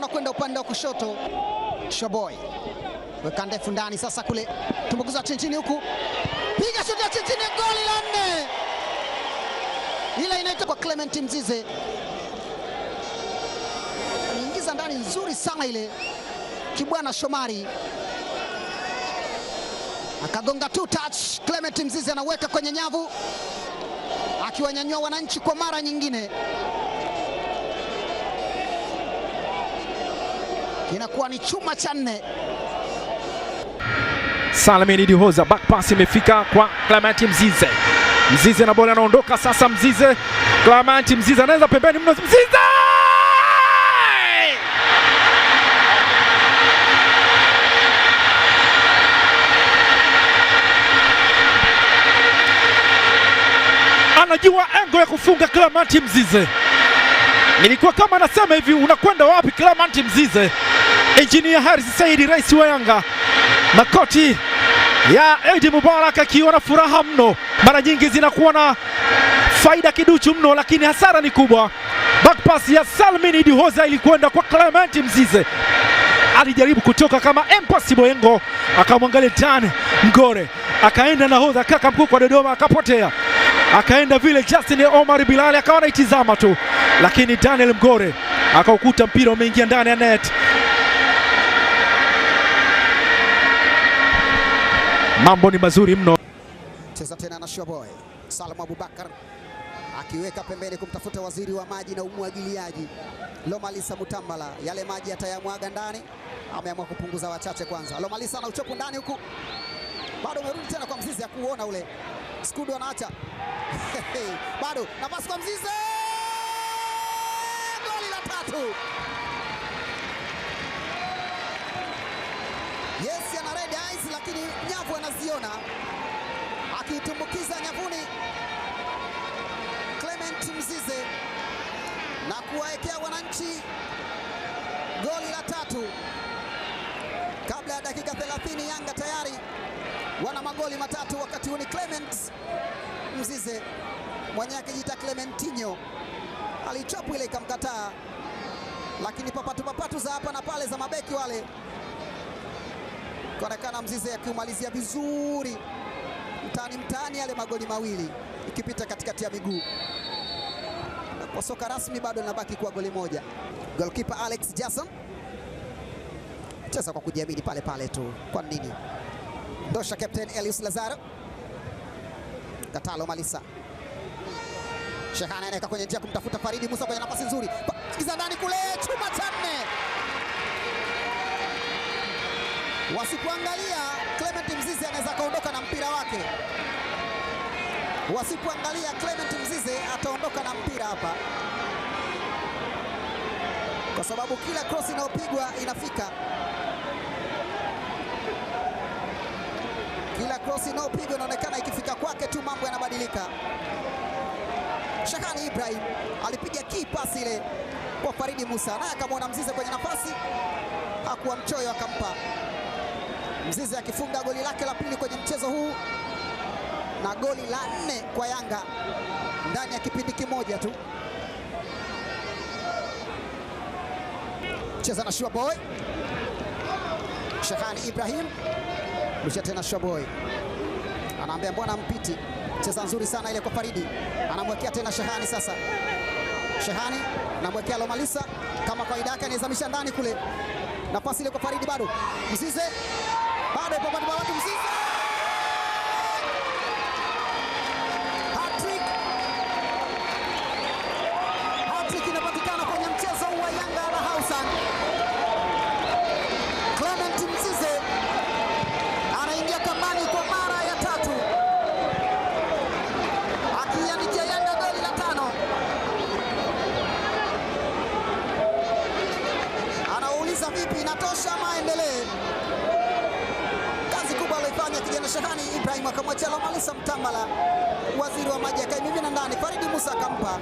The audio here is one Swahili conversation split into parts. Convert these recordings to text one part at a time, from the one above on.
Anakwenda upande wa kushoto, Shoboy weka ndefu ndani, sasa kule tumbukiza chinchini huku piga shoti ya chinchini, goli la nne, ile inaitwa kwa Clement Mzize, anaingiza ndani, nzuri sana ile. Kibwana Shomari akagonga tu touch. Clement Mzize anaweka kwenye nyavu, akiwanyanyua wananchi kwa mara nyingine. inakuwa ni chuma cha nne. Salamini Dihoza, back pass imefika kwa Clement Mzize. Mzize na bola anaondoka sasa. Mzize, Clement Mzize anaweza pembeni mno. Mzize anajua engo ya kufunga. Clement Mzize, nilikuwa kama nasema hivi, unakwenda wapi Clement Mzize? Engineer Harris Said, rais wa Yanga, makoti ya Eid Mubarak akiwa na furaha mno. Mara nyingi zinakuwa na faida kiduchu mno, lakini hasara ni kubwa. pass ya Salmin Idi ilikwenda kwa Clement Mzize, alijaribu kutoka kama impossible yengo, akamwangalia Dan Mgore, akaenda nahodha kaka mkuu kwa Dodoma, akapotea akaenda vile. Justin Omar Bilali akawa anaitizama tu, lakini Daniel Mgore akaukuta mpira umeingia ndani ya net. Mambo ni mazuri mno. Cheza tena na Showboy Salma Abubakar akiweka pembeni kumtafuta waziri wa maji na umwagiliaji Lomalisa Mutambala, yale maji atayamwaga ndani. Ameamua kupunguza wachache kwanza. Lomalisa ana uchopu ndani huku, bado umerudi tena kwa Mzize, kuona ule skudu anaacha bado nafasi kwa Mzize, goli la tatu. Yes, lakini nyavu anaziona akiitumbukiza nyavuni Clement Mzize na kuwaekea wananchi goli la tatu kabla ya dakika 30. Yanga tayari wana magoli matatu, wakati huu ni Clement Mzize mwenye akijiita Clementinho alichapwa ile ikamkataa, lakini papatu papatu za hapa na pale za mabeki wale kaonekana Mzize akiumalizia vizuri mtani mtani yale magoli mawili ikipita katikati ya miguu kwa soka rasmi bado linabaki kuwa goli moja. Goalkeeper Alex Jason cheza kwa kujiamini pale pale tu, kwa nini dosha? Captain Elius Lazaro Katalo Malisa Shehana anaweka kwenye njia kumtafuta Faridi Musa kwenye nafasi nzuri, ingiza ndani kule, chuma cha nne. Wasipoangalia Clement Mzize anaweza kaondoka na mpira wake, wasipoangalia Clement Mzize ataondoka na mpira hapa, kwa sababu kila cross inayopigwa inafika, kila cross inayopigwa inaonekana ikifika kwake tu mambo yanabadilika. Shakani Ibrahim alipiga key pass ile kwa Faridi Musa, naye akamwona Mzize kwenye nafasi, hakuwa mchoyo akampa Mzize akifunga goli lake la pili kwenye mchezo huu na goli la nne kwa Yanga ndani ya kipindi kimoja tu. Cheza na Shua Boy. Shehani Ibrahim mlisha tena Shua Boy anaambia mbona mpiti, cheza nzuri sana ile kwa Faridi, anamwekea tena Shehani. Sasa Shehani namwekea Lomalisa kama kawaida yake, anaizamisha ndani kule, nafasi ile kwa Faridi bado Mzize bado kwa Mzize. Hattrick. Hattrick inapatikana kwenye mchezo wa Yanga na Clement Mzize anaingia kambani kwa mara ya tatu. Akiandikia Yanga goli la tano. Anauliza vipi inatosha ya kijana Shahani Ibrahim akamwachia Lomalisa Mtambala, waziri wa maji akaimimina ndani, Faridi Musa akampa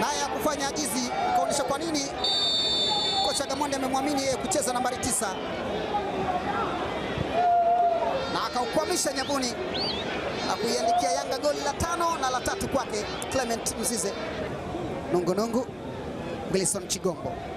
naye akufanya ajizi, akaonyesha kwa nini kocha Gamondi amemwamini yeye kucheza nambari tisa na akaukwamisha nyabuni na kuiandikia Yanga goli la tano na la tatu kwake Clement Mzize. Nungunungu, Wilson Chigombo.